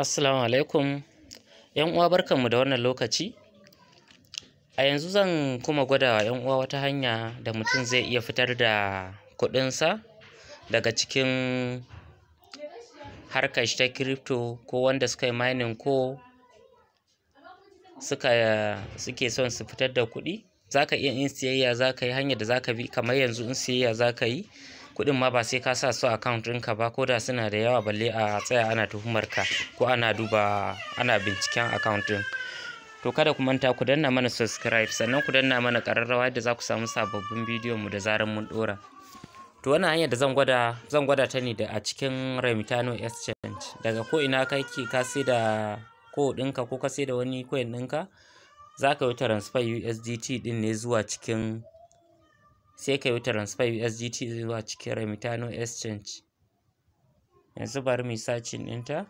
Assalamu alaikum. ‘Yan uwa barkanmu da wannan lokaci. A yanzu zan kuma gwada wa ‘yan uwa wata hanya da mutum zai iya fitar da kuɗinsa daga cikin harkar shi ta crypto ko wanda suka yi mining ko suka suke son su fitar da kuɗi. Za ka iya in siyayya za ka yi hanyar da za ka bi kamar yanzu in siyayya za ka yi kuɗin ma ba sai ka sa su account ɗinka ba ko da suna da yawa balle a tsaya ana tuhumar ka ko ana duba ana binciken account ɗin to kada ku manta ku danna mana subscribe sannan ku danna mana ƙararrawa yadda za ku samu sababbin bidiyon mu da zarar mun ɗora to wannan hanyar da zan gwada zan gwada ta ne da a cikin Remitano Exchange daga ko ina kake ka sai da ko ɗinka ko ka sai da wani coin ɗinka za ka yi transfer USDT ɗin ne zuwa cikin sai ka yi transfer USDT zuwa cikin Remitano Exchange yanzu bari mu yi searching ɗinta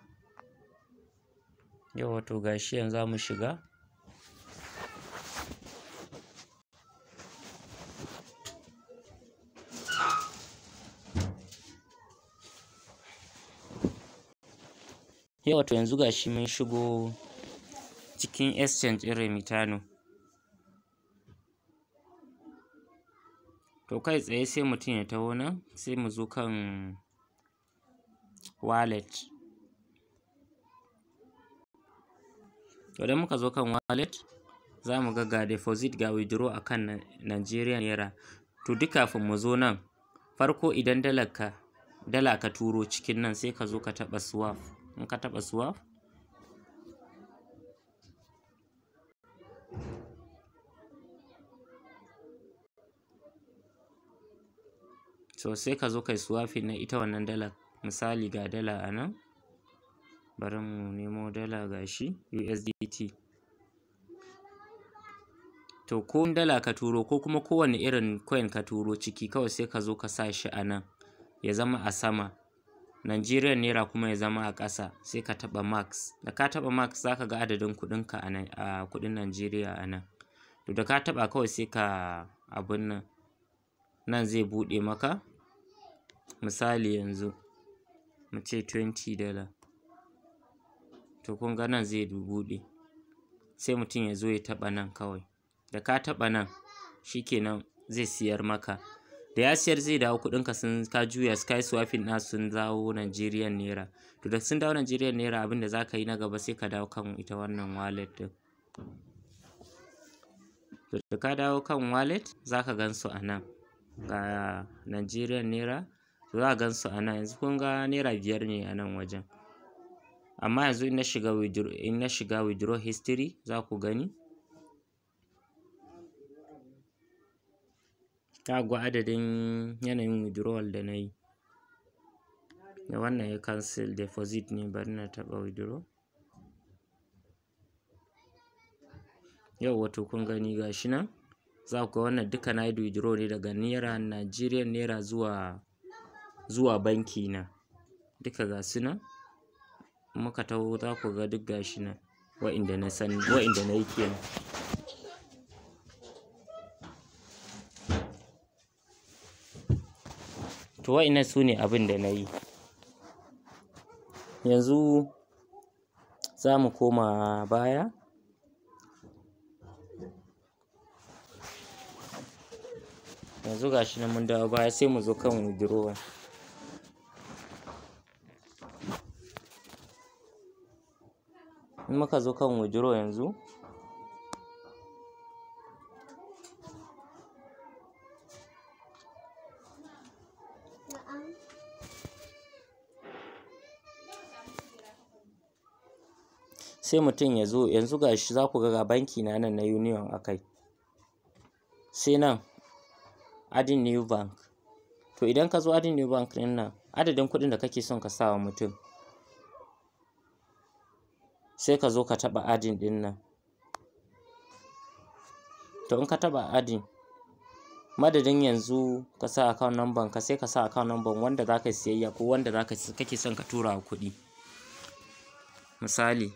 Yau wato gashi yanzu za mu shiga Yau wato yanzu gashi mun shigo cikin exchange ɗin Remitano to kai tsaye sai mutum ya taho nan sai mu zo kan wallet to idan muka zo kan wallet za mu ga ga deposit ga withdraw a kan Nigeria naira to duk kafin mu zo nan farko idan dalar ka dala ka turo cikin nan sai ka zo ka taɓa swap in ka taɓa swap so sai ka zo kai swapping na ita wannan dalar misali ga dala a nan bari mu nemo dala ga shi USDT to ko dala ka turo ko kuma kowane irin coin ka turo ciki kawai sai ka zo ka sa shi a nan ya zama a sama Nigerian naira kuma ya zama a kasa sai ka taɓa max da ka taɓa max za ka ga adadin kuɗinka a kuɗin Najeriya a nan to da ka taɓa kawai sai ka abin nan nan zai buɗe maka misali yanzu mu ce twenty dollar to kun ga nan zai buɗe sai mutum ya zo ya taɓa nan kawai da ka taɓa nan shikenan zai siyar maka da ya siyar zai dawo kuɗinka sun ka juya sky swapping na sun dawo Nigerian naira to da sun dawo Nigerian naira abin da zaka yi na gaba sai ka dawo kan ita wannan wallet din to da ka dawo kan wallet za ka gan su a nan ga Nigerian naira to za a gan su a nan yanzu kun naira biyar ne a nan wajen amma yanzu in na shiga withdraw in na history za ku gani ta adadin yanayin withdrawal da na yi da wannan ya cancel deposit ne bari na taɓa withdraw yauwa to kun gani ga shi nan za ku ga wannan duka na yi withdraw ne daga naira Nigerian naira zuwa zuwa banki na duka ga su nan muka taho za ku ga duk gashi nan wa'inda na sani wa'inda na yi kenan to wa'innan su ne abin da na yi yanzu za mu koma baya yanzu ga shi nan mun dawo baya sai mu zo kan withdrawal in muka zo kan withdraw yanzu sai mutum ya zo yanzu ga shi za ku ga banki na nan na union a kai sai nan adding new bank to idan ka zo adding new bank ɗin nan adadin kuɗin da kake son ka sa wa mutum sai ka zo ka taɓa adin ɗin nan to in ka taɓa adin madadin yanzu ka sa account number ka sai ka sa account number wanda za ka siyayya ko wanda za ka kake son ka tura wa kuɗi misali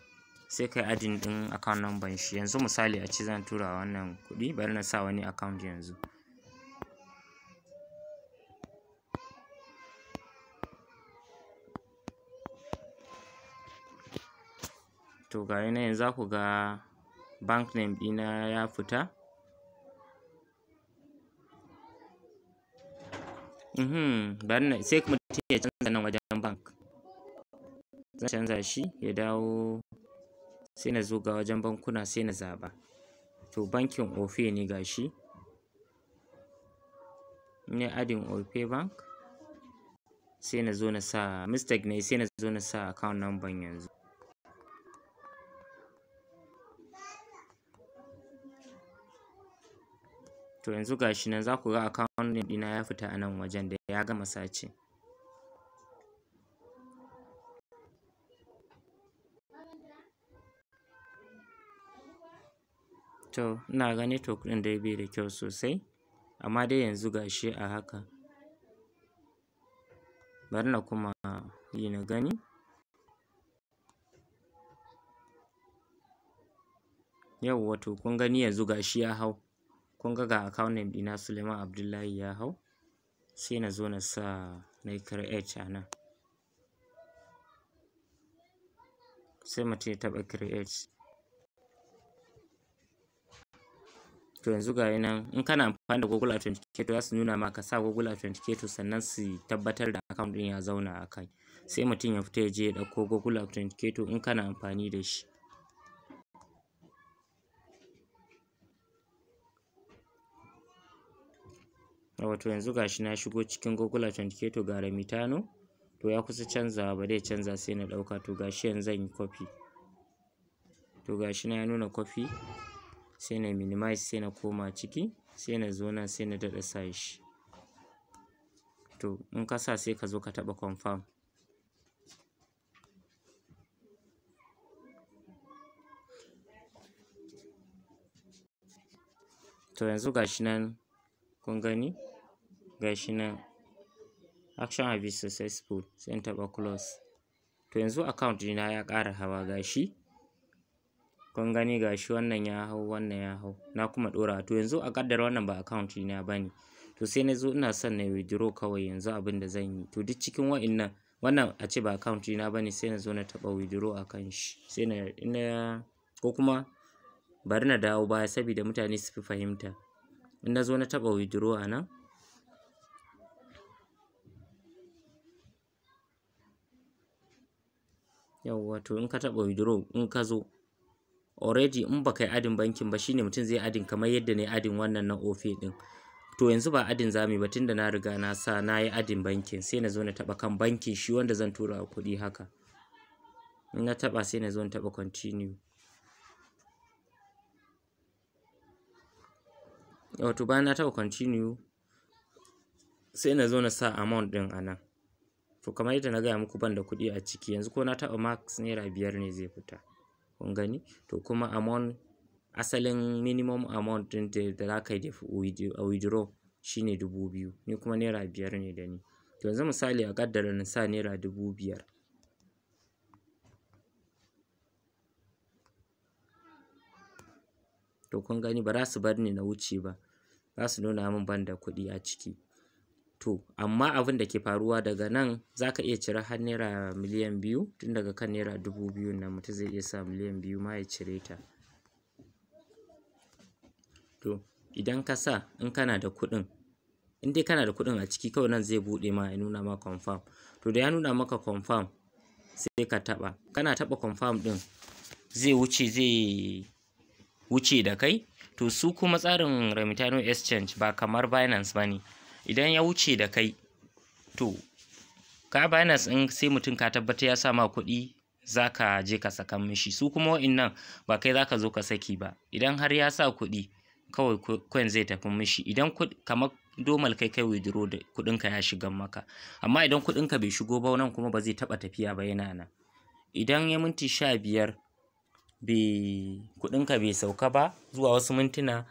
sai ka yi adin ɗin account number shi yanzu misali a ce zan tura wannan kuɗi bari na sa wani account yanzu to ga nan yanzu za ku ga bank name ɗina ya fita mhm bari na sai kuma ya canza nan wajen bank zan canza shi ya dawo sai na zo ga wajen bankuna sai na zaɓa to bankin ofe ne ga shi ne adin ofe bank sai na zo na sa mistake ne sai na zo na sa account number yanzu to yanzu ga shi nan za ku ga account name ɗina ya fita a nan wajen da ya gama sace to ina ga to ɗin dai bai da kyau sosai amma dai yanzu ga shi a haka bari na kuma yi na gani Yau wato kun gani yanzu gashi shi ya hau kun ga ga account name ɗina Suleiman Abdullahi ya hau sai na zo na sa na yi create a nan sai mutum ya taɓa create to yanzu ga yi nan in kana amfani da google authenticator za su nuna maka ka sa google authenticator sannan su tabbatar da account ɗin ya zauna a kai sai mutum ya fita ya je ya ɗauko google authenticator in kana amfani da shi wato yanzu gashi na shigo cikin google authenticator ga remitano to ya kusa canzawa ba zai canza sai na ɗauka to gashi yanzu zan yi copy to gashi na ya nuna copy sai na minimize sai na koma ciki sai na zo nan sai na daɗa sa shi to in ka sa sai ka zo ka taɓa confirm to yanzu gashi nan kun gani gashi nan action has been successful sai in taɓa close to yanzu account dina ya ƙara hawa gashi kun gani gashi wannan ya hau wannan ya hau na kuma ɗora to yanzu a kaddar wannan ba account dina bane to sai na zo ina son na withdraw kawai yanzu abin da zan yi to duk cikin wa'innan wannan a ce ba account dina bane sai na zo na taɓa withdraw akan shi sai na ko kuma bari na dawo baya sabida mutane su fi fahimta in na zo na taɓa withdraw a nan yawwa to in ka taɓa withdraw in ka zo already in ba kai adin bankin ba shine mutum zai adin kamar yadda ne adin wannan na ofe din to yanzu ba adin zamu ba tunda na riga na sa na yi adin bankin sai na zo na taɓa kan bankin shi wanda zan tura kuɗi haka in na taɓa sai na zo na taɓa continue wato bayan na taɓa continue sai na zo na sa amount ɗin a nan to kamar yadda na gaya muku ban da kuɗi a ciki yanzu ko na taɓa max naira biyar ne zai fita kun gani to kuma amount asalin minimum amount ɗin da za ka yi a withdraw shine dubu biyu ni kuma naira biyar ne da ni to yanzu misali a ƙaddara na sa naira dubu biyar to kun gani ba za su bar ni na wuce ba za su nuna min ban da kuɗi a ciki to amma abin da ke faruwa daga nan za ka iya cire har naira miliyan biyu tun daga kan naira dubu biyu nan mutum zai iya sa miliyan biyu ma ya cire ta to idan ka sa in kana da kuɗin in dai kana da kuɗin a ciki kawai nan zai buɗe ma ya nuna ma confirm to da ya nuna maka confirm sai ka taɓa kana taɓa confirm ɗin zai wuce zai wuce da kai to su kuma tsarin remitano exchange ba kamar binance ba ne idan ya wuce da kai to ka binance in sai mutum ka tabbata ya sama kuɗi za ka je ka saka mishi su kuma wa'innan ba kai za zo ka saki ba idan har ya sa kuɗi kawai coin zai tafi mishi idan kamar domal kai kai withdraw da kuɗinka ya shiga maka amma idan kuɗinka bai shigo ba nan kuma ba zai taɓa tafiya ba yana nan idan ya minti sha biyar bai ka bai sauka ba zuwa wasu mintuna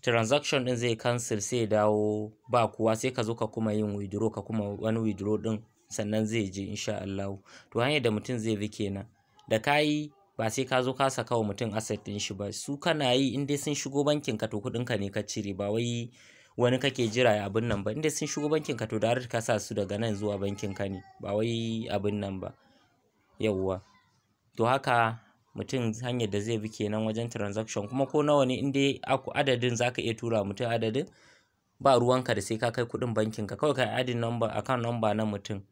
transaction din zai cancel sai dawo ba kowa sai ka zo ka kuma yin withdraw ka kuma wani withdraw din sannan zai je insha Allah to hanyar da mutum zai bi kenan da ka ba sai ka zo ka saka wa mutum asset din shi ba su kana yi in dai sun shigo bankin ka to kudin ka ne ka cire ba wai wani kake jira ya abin nan ba in dai sun shigo bankin ka to da ka sa su daga nan zuwa bankin ka ne ba wai abin nan ba yauwa to haka mutum hanyar da zai bi kenan wajen transaction kuma ko nawa ne inda adadin za ka iya tura mutum adadin ba ruwanka da sai ka kai kuɗin bankin ka kawai ka yi adin number account number na mutum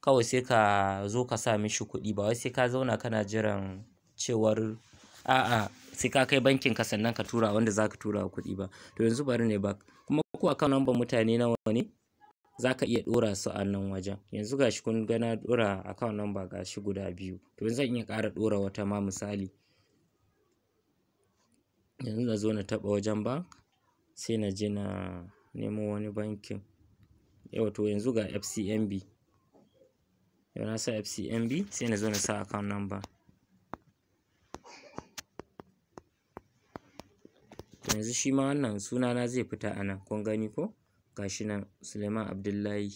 kawai sai ka zo ka sa mishi kuɗi ba wai sai ka zauna kana jiran cewar a'a sai ka kai bankin ka sannan ka tura wanda za ka tura kuɗi ba to yanzu bari ne ba kuma ko account number mutane nawa ne za ka iya ɗora su a nan wajen yanzu ga shi kun ga na ɗora account number gashi guda biyu to zan iya ƙara ɗora wata ma misali yanzu na zo na taɓa wajen bank sai na je na nemo wani bankin yau to yanzu ga FCMB yau na sa FCMB sai na zo na sa account number yanzu shi ma wannan suna na zai fita a nan kun gani ko gashi nan Suleiman Abdullahi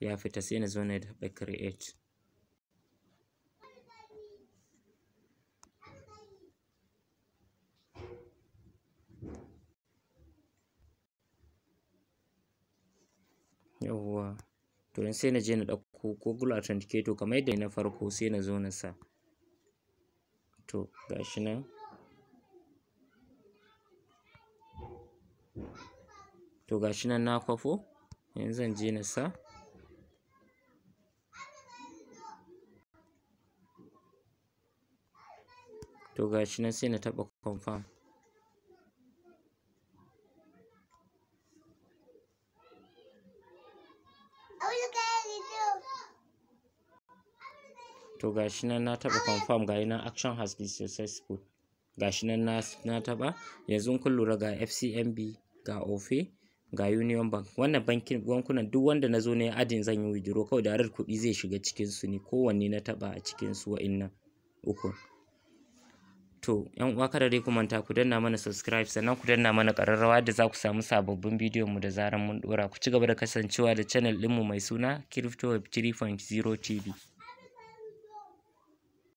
ya fita sai na zo na taɓa create yawwa to in sai na je na ɗauko Google Authenticator kamar yadda na farko sai na zo na sa to gashi nan to shi nan na kwafo yanzu zan je na sa to ga shi nan sai na taɓa confirm to shi nan na taɓa confirm ga nan action has been successful shi nan na taɓa yanzu kun lura ga FCMB ga OFE ga Union Bank wannan bankin bankunan duk wanda na zo na yi adin zan yi withdraw kawai direct kuɗi zai shiga cikin su ne kowanne na taɓa a cikin su wa'innan uku to yan uwa kada dai ku manta ku danna mana subscribe sannan ku danna mana ƙararrawa da za ku samu sababbin bidiyon mu da zaran mun ɗora ku ci gaba da kasancewa da channel mu mai suna Crypto Web 3.0 TV